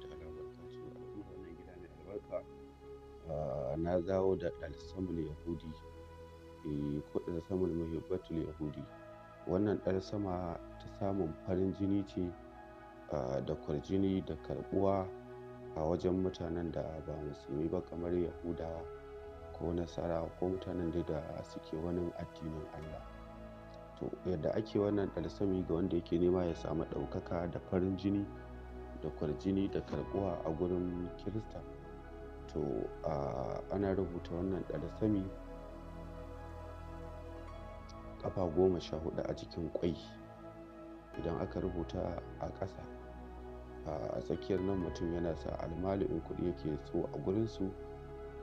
ta'ala barkatu al'umma wannan gida mai albarka ah, na dawo da ɗalsamul yahudi eh, ko ɗalsamul muhibbatul yahudi wannan ɗan sama ta samun farin jini ce ah, da kwarjini da karɓuwa a wajen mutanen da ba musulmi ba kamar yahudawa ko nasara ko mutanen da suke wani addinin allah to yadda ake wannan ɗalsami ga wanda yake nema ya samu ɗaukaka da farin jini da kwarjini da karbuwa a gurin kirista to ana rubuta wannan ɗalasami ƙafa goma sha hudu a cikin kwai idan aka rubuta a ƙasa a tsakiyar nan mutum yana sa almali in kuɗi yake so a gurinsu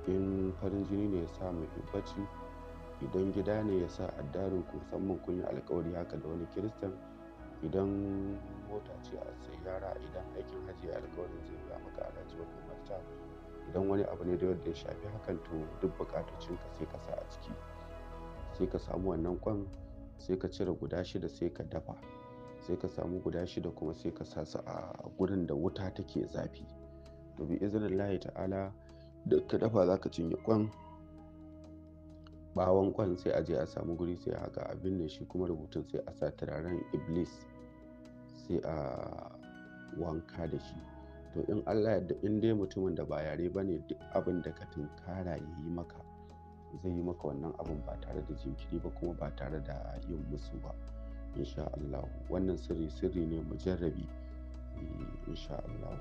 in farin jini ne ya sa mai idan gida ne ya sa addarin ku musamman kun yi alkawari haka da wani kiristan Idan mota ce a sayi yara idan aikin hajji ya zai biya maka alhaji makamar ta, idan wani abu ne da wanda ya shafi hakan to duk ka sai ka sa a ciki. Sai ka samu wannan ƙwan sai ka cire guda shida sai ka dafa. Sai ka samu guda shida kuma sai ka sa su a gurin da wuta take zafi. To bi'izzinillahi ta'ala duk ka dafa za ka cinye ƙwan. Ɓawon ƙwan sai a je a samu guri sai a haƙa a binne shi kuma rubutun sai a sa turaren Iblis. sai a wanka da shi to in allah yadda in dai mutumin da ba yare ba ne duk abin da ka tunkara ya yi maka zai yi maka wannan abin ba tare da jinkiri ba kuma ba tare da yin musu ba insha allah wannan sirri sirri ne mujarrabi eh, insha allah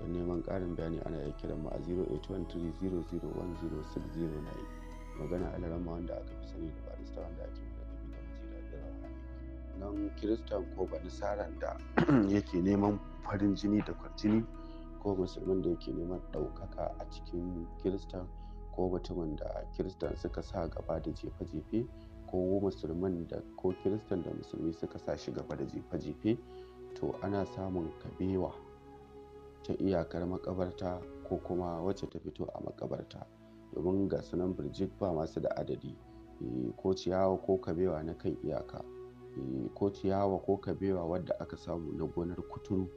don neman ƙarin bayani ana iya kiran mu a 08130010609 magana alarama wanda aka fi sani da barista wanda ake wannan kiristan ko banisaran da yake neman farin jini da kwarjini ko musulmin da yake neman ɗaukaka a cikin kiristan ko mutumin da kiristan suka sa gaba da jefe-jefe ko musulman da ko kiristan da musulmi suka sa shi gaba da jefe-jefe to ana samun kabewa ta iyakar makabarta ko kuma wacce ta fito a makabarta domin ga sunan birjik ba masu da adadi eh, ko ciyawa ko kabewa na kan iyaka E, ko ciyawa ko kabewa wadda aka samu na gonar kuturu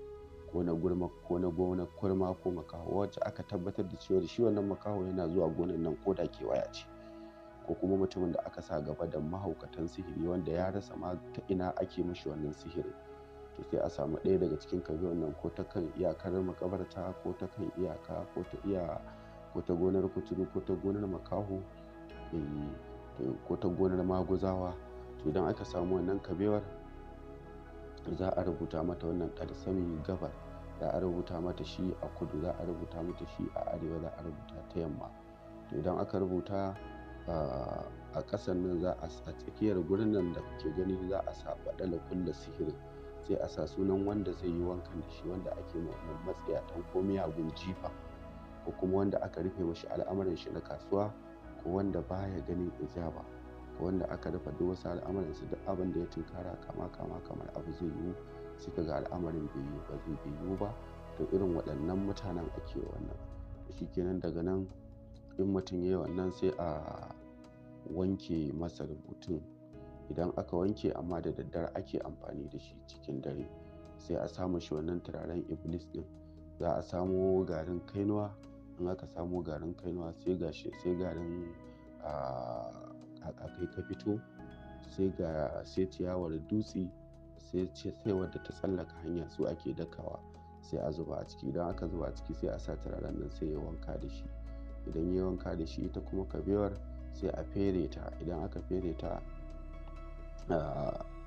ko na gurma ko na gonar kurma ko makaho wacce aka tabbatar da cewa shi wannan makaho yana zuwa gonar nan ko da kewaya ce ko kuma mutumin da aka sa gaba da mahaukatan sihiri wanda ya rasa ma ta ina ake mashi wannan sihiri. to sai a samu ɗaya daga cikin kabewar nan ko ta kan iyakar makabarta ko ta kan iyaka ko ta iya ko ta gonar kuturu ko ta gonar makaho eh, ko ta gonar maguzawa to idan aka samu wannan kabewar za a rubuta mata wannan ƙarsami gabar za a rubuta mata shi a kudu za a rubuta mata shi a arewa za a rubuta ta yamma to idan aka rubuta ah, a ƙasan nan za a tsakiyar gurin nan da kuke gani za a sa baɗala kulla sihirin sai a sa sunan wanda zai yi wankan da shi wanda ake matsaya ta ko miyagun jifa ko kuma wanda aka rufe mashi al'amarin shi na kasuwa ko wanda baya ganin ijaba wanda aka dafa duk wasu su duk abin da ya tunkara kama kama kamar abu zai yiwu sai ka ga al'amarin bai yiwu ba zai bai yiwu ba to irin waɗannan mutanen ake wannan shi kenan daga nan in mutum ya yi wannan sai a wanke masa rubutun idan aka wanke amma da daddare ake amfani da shi cikin dare sai a samu shi wannan turaren iblis din za a samo garin kainuwa in aka samo garin kainuwa sai gashi sai garin ah, a kai ka fito sai ga sai ciyawar dutsi sai sai wadda ta tsallaka hanya su ake dakawa sai a zuba a ciki idan aka zuba a ciki sai a sa turaren nan sai ya wanka da shi idan ya wanka da shi ita kuma kabewar sai a fere ta idan aka fere ta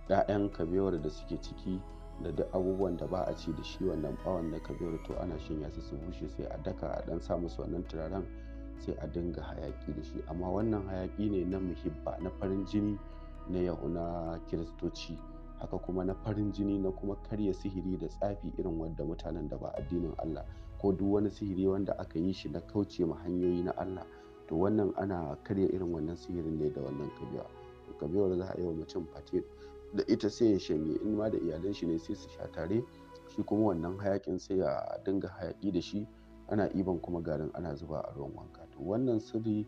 ‘ya'yan kabewar da suke ciki da duk abubuwan da ba a ci da shi wannan bawon na kabewar to ana shanya su su bushe sai a daka a dan sa musu wannan turaren sai a dinga hayaƙi da shi amma wannan hayaƙi ne na muhibba na farin jini na yahu na kiristoci haka kuma na farin jini na kuma karya sihiri da tsafi irin wanda mutanen da ba addinin Allah ko duk wani sihiri wanda aka yi shi na kauce ma hanyoyi na Allah to wannan ana karya irin wannan sihirin ne da wannan kabewa kabewar za a yi wa mutum fate da ita sai ya shanye in ma da iyalan shi ne sai su sha tare shi kuma wannan hayaƙin sai ya dinga hayaƙi da shi ana iban kuma garin ana zuba a ruwan wanka to wannan sirri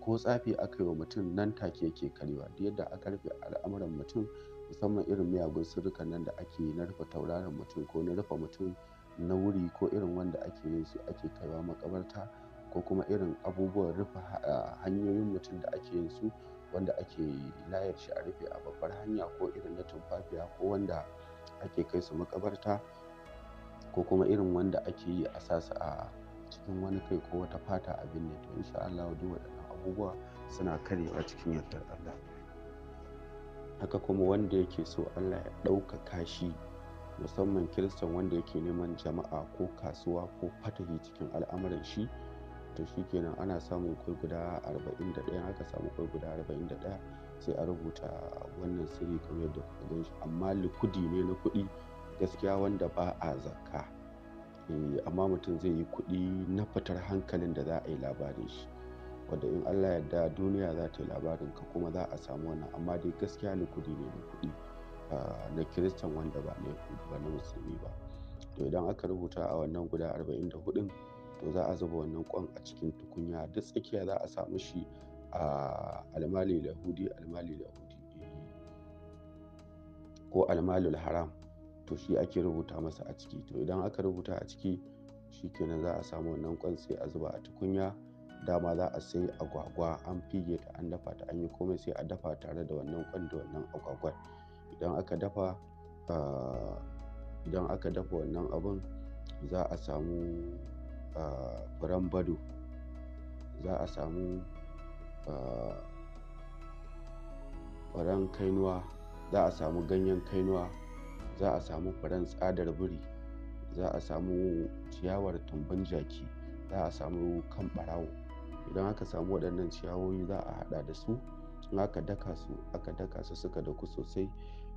ko tsafi aka yi wa mutum nan take yake karewa duk yadda aka rufe al'amuran mutum musamman irin miyagun sirrika nan da ake na rufe tauraron mutum ko na rufe mutum na wuri ko irin wanda ake yin su ake kaiwa makabarta ko kuma irin abubuwan rufe hanyoyin mutum da ake yin su wanda ake layar shi a rufe a babbar hanya ko irin na tumfafiya ko wanda ake kai su makabarta ko kuma irin wanda ake yi a sasu a cikin wani kai ko wata fata a binne to insha Allah duk waɗannan abubuwa suna karewa cikin yardar Allah haka kuma wanda yake so Allah ya ɗaukaka shi musamman kiristan wanda yake neman jama'a ko kasuwa ko fatahi cikin al'amuran shi to shi kenan ana samun kwai guda 41 aka samu kwai guda 41 sai a rubuta wannan sirri kamar yadda kuka gan shi amma likudi ne na kuɗi gaskiya wanda ba a zakka eh, amma mutum zai yi kuɗi na fitar hankalin da za a yi labarin shi wadda in allah yarda duniya za ta yi labarin ka kuma za a samu wannan amma dai gaskiya likudi ne na kuɗi ah, na kiristan wanda ba na ba na musulmi ba to idan aka rubuta a wannan guda arba'in da 44 to za a zuba wannan kwan a cikin tukunya duk tsakiya za a samu shi a ah, almali lahudi almali lahudi eh, ko almalul haram to shi ake rubuta masa a ciki to idan aka rubuta a ciki shi kenan za a samu wannan kwan sai a zuba a tukunya dama za a sai agwagwa an fige ta an dafa ta an yi komai sai a dafa tare da wannan kwan da wannan agwagwar idan aka dafa ah, idan aka dafa wannan abun za a samu ah, furen bado za a samu ah, furen kainuwa za a samu ganyen kainuwa za a samu furen tsadar biri za a samu ciyawar tumbin jaki za a samu kan ɓarawo idan aka samu waɗannan ciyawoyi za a haɗa da su in aka daka su aka daka su suka daku sosai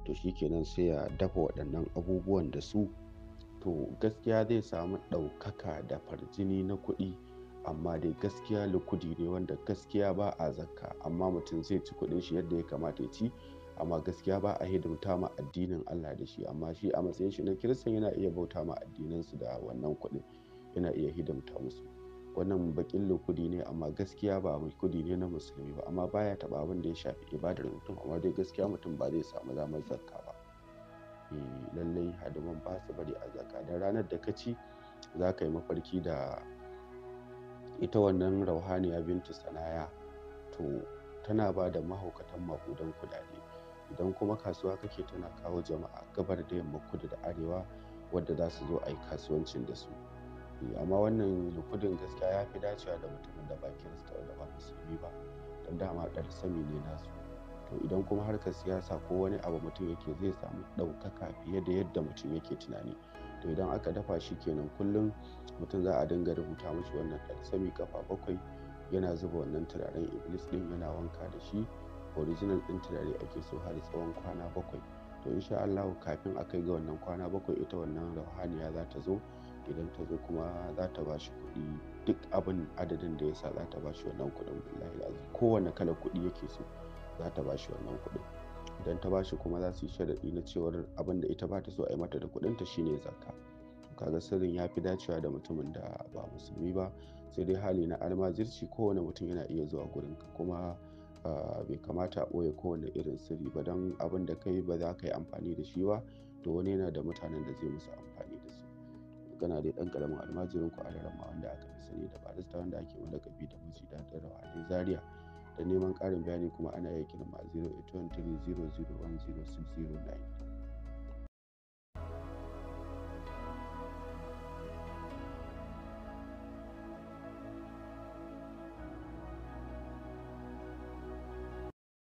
to shi shikenan sai a dafa waɗannan abubuwan da su to gaskiya zai samu ɗaukaka da farjini na kuɗi amma dai gaskiya likudi ne wanda gaskiya ba a zakka amma mutum zai ci kuɗin shi yadda ya kamata ya ci amma gaskiya ba a hidimta ma addinin Allah da shi amma shi a matsayin shi na kiristan yana iya bauta ma addinansu da wannan kuɗin yana iya hidimta musu wannan bakin lukudi ne amma gaskiya ba kudi ne na musulmi ba amma baya taɓa abin da ya shafi ibadar mutum amma dai gaskiya mutum ba zai samu damar zakka ba eh, lallai hadiman ba su bari a zakka da ranar da kaci, ci za ka yi mafarki da ita wannan rauhaniya bintu sanaya to tana ba da mahaukatan makudan kudade idan kuma kasuwa kake tana kawo jama'a gabar da yamma kudu da arewa wadda za su zo a yi kasuwancin da su eh, amma wannan lukudin gaskiya ya fi dacewa da mutumin da ba kirista da ba musulmi ba don dama ɗar sami ne nasu to idan kuma harkar siyasa ko wani abu mutum yake zai samu ɗaukaka fiye da yadda mutum yake tunani to idan aka dafa shi kenan kullum mutum za a dinga rubuta mashi wannan ɗan sami kafa bakwai yana zuba wannan turaren iblis ɗin yana wanka da shi original ɗin turare ake so har tsawon kwana bakwai to insha allahu kafin a kai ga wannan kwana bakwai ita wannan ruhaniya za ta zo idan ta zo kuma za ta ba shi kuɗi duk abin adadin da ya sa za ta ba shi wannan kuɗin billahi azim kowane kala kuɗi yake so za ta ba shi wannan kuɗin idan ta ba shi kuma za su yi sharaɗi na cewar abin da ita ba ta so a yi mata da kuɗinta shine zakka kaga sirrin ya fi dacewa da mutumin da ba musulmi ba sai dai hali na almajirci kowane mutum yana iya zuwa gurinka kuma Ah, bai kamata a ɓoye kowane irin sirri ba don abin da kai ba za ka yi amfani da shi ba to wani yana da mutanen da zai musu amfani da su gana dai ɗan ƙaramin almajirin ku alarama wanda aka fi sani da barista wanda ake lakabi da da maji rawa rawanin zaria da neman ƙarin bayani kuma ana iya kiran ma 0823 0010609